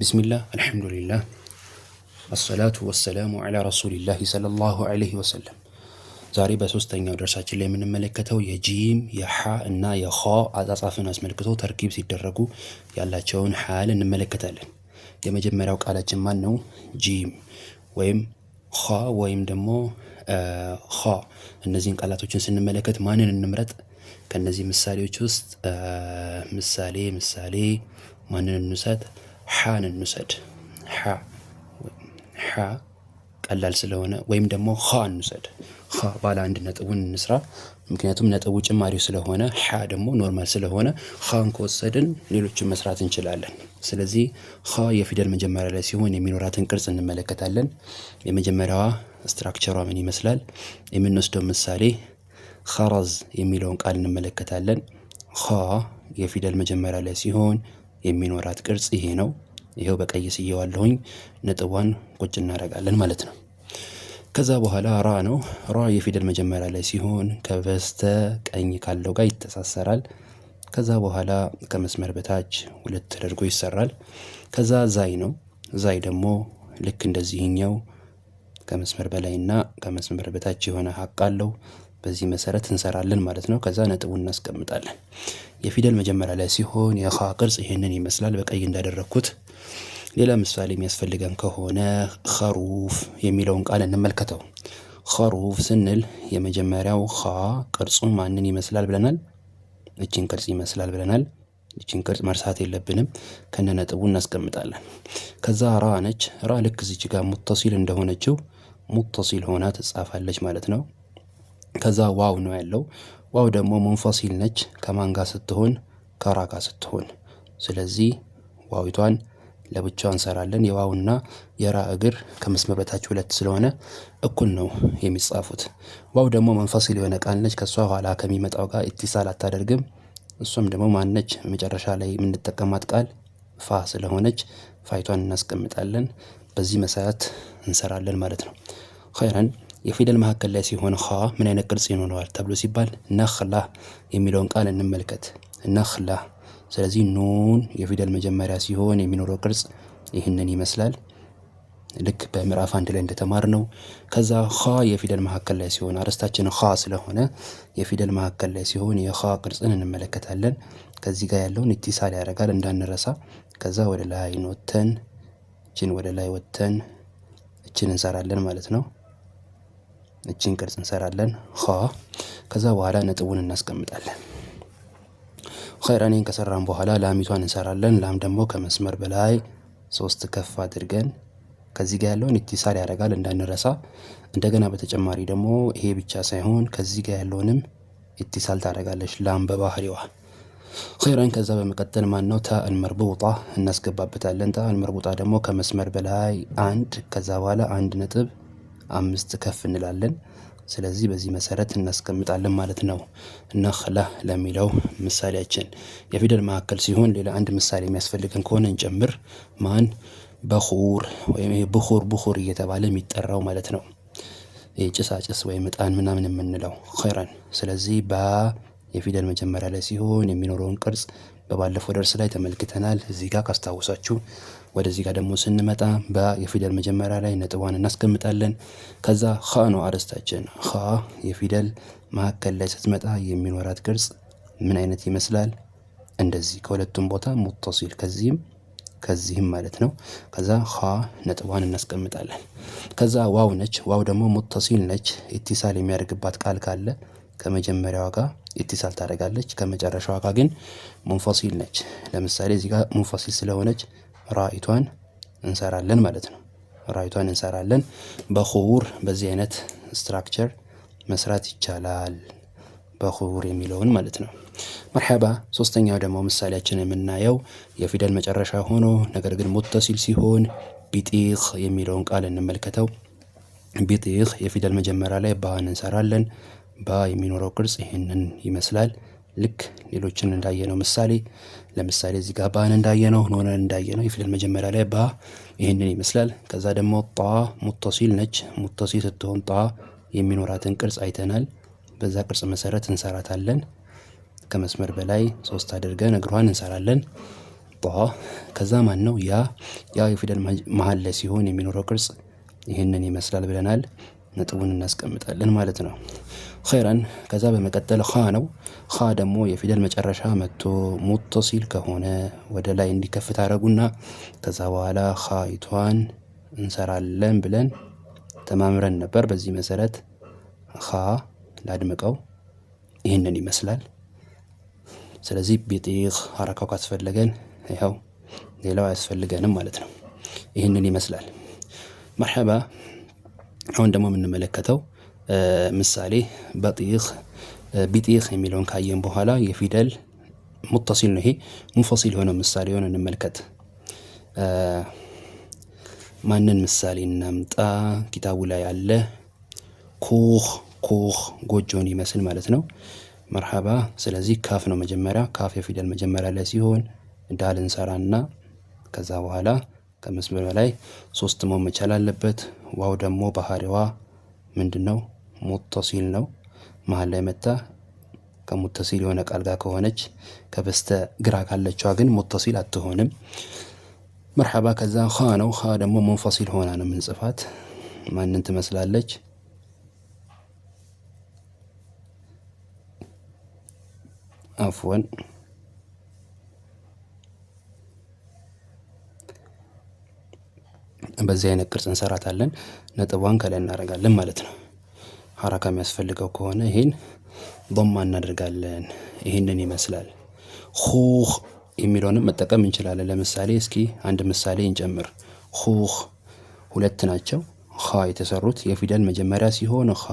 ቢስሚላህ አልሐምዱሊላህ አሰላቱ ወሰላሙ ዓላ ረሱሊላህ ሰለላሁ ዐለይሂ ወሰለም። ዛሬ በሶስተኛው ደርሳችን ላይ የምንመለከተው የጂም የሓ እና የኸ አጻጻፍን አስመልክቶ ተርኪብ ሲደረጉ ያላቸውን ሓል እንመለከታለን። የመጀመሪያው ቃላችን ማን ነው? ጂም ወይም ኸ ወይም ደግሞ ኸ። እነዚህን ቃላቶችን ስንመለከት ማንን እንምረጥ? ከእነዚህ ምሳሌዎች ውስጥ ምሳሌ ምሳሌ ማንን እንውሰድ? ሓን እንውሰድ ሓ ቀላል ስለሆነ ወይም ደግሞ ኻ እንውሰድ ኻ ባለ አንድ ነጥቡን እንስራ። ምክንያቱም ነጥቡ ጭማሪው ስለሆነ ሓ ደግሞ ኖርማል ስለሆነ ኸን ከወሰድን ሌሎችን መስራት እንችላለን። ስለዚህ ኻ የፊደል መጀመሪያ ላይ ሲሆን የሚኖራትን ቅርጽ እንመለከታለን። የመጀመሪያዋ ስትራክቸሯ ምን ይመስላል? የምንወስደው ምሳሌ ኸረዝ የሚለውን ቃል እንመለከታለን። ኻ የፊደል መጀመሪያ ላይ ሲሆን የሚኖራት ቅርጽ ይሄ ነው። ይሄው በቀይ ስየዋለሁኝ ነጥቧን ቁጭ እናደርጋለን ማለት ነው። ከዛ በኋላ ራ ነው። ራ የፊደል መጀመሪያ ላይ ሲሆን ከበስተ ቀኝ ካለው ጋር ይተሳሰራል። ከዛ በኋላ ከመስመር በታች ሁለት ተደርጎ ይሰራል። ከዛ ዛይ ነው። ዛይ ደግሞ ልክ እንደዚህኛው ከመስመር በላይና ከመስመር በታች የሆነ ሀቅ አለው። በዚህ መሰረት እንሰራለን ማለት ነው። ከዛ ነጥቡ እናስቀምጣለን። የፊደል መጀመሪያ ላይ ሲሆን የኻ ቅርጽ ይህንን ይመስላል በቀይ እንዳደረግኩት። ሌላ ምሳሌ የሚያስፈልገን ከሆነ ኸሩፍ የሚለውን ቃል እንመልከተው። ኸሩፍ ስንል የመጀመሪያው ኻ ቅርጹ ማንን ይመስላል ብለናል? እችን ቅርጽ ይመስላል ብለናል። እችን ቅርጽ መርሳት የለብንም። ከነ ነጥቡ እናስቀምጣለን። ከዛ ራ ነች። ራ ልክ እዚች ጋር ሙተሲል እንደሆነችው ሙተሲል ሆና ትጻፋለች ማለት ነው። ከዛ ዋው ነው ያለው። ዋው ደግሞ ሙንፈሲል ነች ከማን ጋር ስትሆን ከራ ጋር ስትሆን። ስለዚህ ዋዊቷን ለብቻ እንሰራለን። የዋውና የራ እግር ከመስመር በታች ሁለት ስለሆነ እኩል ነው የሚጻፉት። ዋው ደግሞ መንፈሲል የሆነ ቃል ነች። ከእሷ ኋላ ከሚመጣው ጋር ኢትሳል አታደርግም። እሷም ደግሞ ማነች መጨረሻ ላይ የምንጠቀማት ቃል ፋ ስለሆነች ፋይቷን እናስቀምጣለን። በዚህ መሰረት እንሰራለን ማለት ነው። ኸይረን የፊደል መካከል ላይ ሲሆን ኸ ምን አይነት ቅርጽ ይኖረዋል ተብሎ ሲባል ነኽላ የሚለውን ቃል እንመልከት። ነኽላ። ስለዚህ ኑን የፊደል መጀመሪያ ሲሆን የሚኖረው ቅርጽ ይህንን ይመስላል። ልክ በምዕራፍ አንድ ላይ ነው። ከዛ ኸ የፊደል መካከል ላይ ሲሆን አርእስታችን ኸ ስለሆነ የፊደል መካከል ላይ ሲሆን የኸ ቅርጽን እንመለከታለን። ከዚህ ጋር ያለውን ኢትሳል ያደርጋል እንዳንረሳ። ከዛ ወደ ላይ ወተን እችን ወደ ላይ ወተን እችን እንሰራለን ማለት ነው። እቺን ቅርጽ እንሰራለን ኸ ከዛ በኋላ ነጥቡን እናስቀምጣለን። ኸይረኔን ከሰራን በኋላ ላሚቷን እንሰራለን። ላም ደግሞ ከመስመር በላይ ሶስት ከፍ አድርገን ከዚህ ጋር ያለውን ኢትሳል ያደርጋል እንዳንረሳ። እንደገና በተጨማሪ ደግሞ ይሄ ብቻ ሳይሆን ከዚህ ጋር ያለውንም ኢትሳል ታደርጋለች ላም በባህሪዋ ኸይረን። ከዛ በመቀጠል ማነው ታአን መርቡጣ እናስገባበታለን። ታአን መርቡጣ ደግሞ ከመስመር በላይ አንድ ከዛ በኋላ አንድ ነጥብ አምስት ከፍ እንላለን ስለዚህ በዚህ መሰረት እናስቀምጣለን ማለት ነው። ነኽላ ለሚለው ምሳሌያችን የፊደል ማዕከል ሲሆን ሌላ አንድ ምሳሌ የሚያስፈልገን ከሆነ እንጨምር ማን በኹር ወይም ብኹር ብኹር እየተባለ የሚጠራው ማለት ነው። ጭሳጭስ ወይም እጣን ምናምን የምንለው ኸይረን ስለዚህ ባ የፊደል መጀመሪያ ላይ ሲሆን የሚኖረውን ቅርጽ በባለፈው ደርስ ላይ ተመልክተናል እዚህ ጋር ካስታወሳችሁ ወደዚህ ጋር ደግሞ ስንመጣ በየፊደል መጀመሪያ ላይ ነጥቧን እናስቀምጣለን። ከዛ ኸ ነው አርዕስታችን። ኸ የፊደል መካከል ላይ ስትመጣ የሚኖራት ቅርጽ ምን አይነት ይመስላል? እንደዚህ ከሁለቱም ቦታ ሙተሲል ከዚህም ከዚህም ማለት ነው። ከዛ ኸ ነጥቧን እናስቀምጣለን። ከዛ ዋው ነች። ዋው ደግሞ ሙተሲል ነች። ኢትሳል የሚያደርግባት ቃል ካለ ከመጀመሪያዋ ጋር ኢትሳል ታደርጋለች። ከመጨረሻዋ ጋር ግን ሙንፈሲል ነች። ለምሳሌ እዚህ ጋር ሙንፈሲል ስለሆነች ራኢቷን እንሰራለን ማለት ነው። ራኢቷን እንሰራለን። በኹዑር በዚህ አይነት ስትራክቸር መስራት ይቻላል። በኹዑር የሚለውን ማለት ነው። መርሐባ። ሶስተኛው ደግሞ ምሳሌያችን የምናየው የፊደል መጨረሻ ሆኖ ነገር ግን ሙተሲል ሲሆን ቢጢኽ የሚለውን ቃል እንመልከተው። ቢጢኽ የፊደል መጀመሪያ ላይ ባን እንሰራለን። ባ የሚኖረው ቅርጽ ይህንን ይመስላል። ልክ ሌሎችን እንዳየነው ምሳሌ ለምሳሌ እዚህ ጋር ባን እንዳየነው ኖነን እንዳየነው የፊደል መጀመሪያ ላይ ባ ይህንን ይመስላል። ከዛ ደግሞ ጣ ሙተሲል ነች። ሙተሲል ስትሆን ጣ የሚኖራትን ቅርጽ አይተናል። በዛ ቅርጽ መሰረት እንሰራታለን። ከመስመር በላይ ሶስት አድርገን እግሯን እንሰራለን። ጣ ከዛ ማን ነው ያ ያ የፊደል መሀል ላይ ሲሆን የሚኖረው ቅርጽ ይህንን ይመስላል ብለናል። ነጥቡን እናስቀምጣለን ማለት ነው። ኸይረን ከዛ በመቀጠል ኻ ነው። ኻ ደግሞ የፊደል መጨረሻ መጥቶ ሙተሲል ከሆነ ወደ ላይ እንዲከፍት አረጉና ከዛ በኋላ ኻይቷን እንሰራለን ብለን ተማምረን ነበር። በዚህ መሰረት ኻ ላድምቀው ይህንን ይመስላል። ስለዚህ ቢጢቅ ሐረካው ካስፈለገን ይኸው ሌላው አያስፈልገንም ማለት ነው። ይህንን ይመስላል። መርሐባ አሁን ደግሞ የምንመለከተው ምሳሌ በጢኽ ቢጢኽ የሚለውን ካየን በኋላ የፊደል ሙተሲል ነው። ይሄ ሙፈሲል የሆነው ምሳሌ የሆነ እንመልከት። ማንን ምሳሌ እናምጣ? ኪታቡ ላይ አለ ኩኽ ኩኽ ጎጆን ይመስል ማለት ነው። መርሐባ። ስለዚህ ካፍ ነው መጀመሪያ። ካፍ የፊደል መጀመሪያ ላይ ሲሆን ዳል እንሰራና ከዛ በኋላ ከመስመር በላይ ሶስት መሆን መቻል አለበት። ዋው ደግሞ ባህሪዋ ምንድን ነው? ሙተሲል ነው። መሀል ላይ መታ ከሙተሲል የሆነ ቃል ጋር ከሆነች ከበስተ ግራ ካለችዋ ግን ሙተሲል አትሆንም። መርሐባ ከዛ ኸ ነው። ኸ ደግሞ መንፈሲል ሆና ነው ምንጽፋት። ማንን ትመስላለች? አፍወን በዚህ አይነት ቅርጽ እንሰራታለን። ነጥቧን ከላይ እናደርጋለን ማለት ነው። ሐረካ የሚያስፈልገው ከሆነ ይህን ቦማ እናደርጋለን። ይህንን ይመስላል። ሁህ የሚለውንም መጠቀም እንችላለን። ለምሳሌ እስኪ አንድ ምሳሌ እንጨምር። ሁህ ሁለት ናቸው። ኻ የተሰሩት የፊደል መጀመሪያ ሲሆን ኻ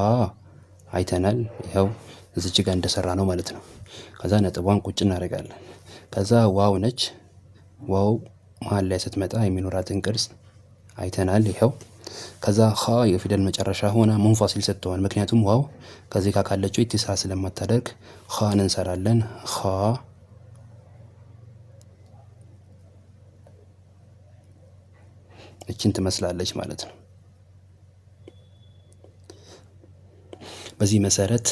አይተናል። ይኸው እዚች ጋር እንደሰራ ነው ማለት ነው። ከዛ ነጥቧን ቁጭ እናደርጋለን። ከዛ ዋው ነች። ዋው መሀል ላይ ስትመጣ የሚኖራትን ቅርጽ አይተናል። ይኸው ከዛ ኸ የፊደል መጨረሻ ሆና ሙንፋሲል ሰጥተዋል። ምክንያቱም ዋው ከዚህ ጋር ካለችው ኢትስራ ስለማታደርግ ኸን እንሰራለን። ኸ እችን ትመስላለች ማለት ነው። በዚህ መሰረት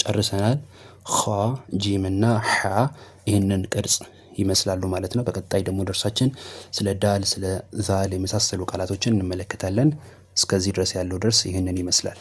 ጨርሰናል። ኸ ጂም እና ሐ ይህንን ቅርጽ ይመስላሉ ማለት ነው። በቀጣይ ደግሞ ደርሳችን ስለ ዳል፣ ስለ ዛል የመሳሰሉ ቃላቶችን እንመለከታለን። እስከዚህ ድረስ ያለው ደርስ ይህንን ይመስላል።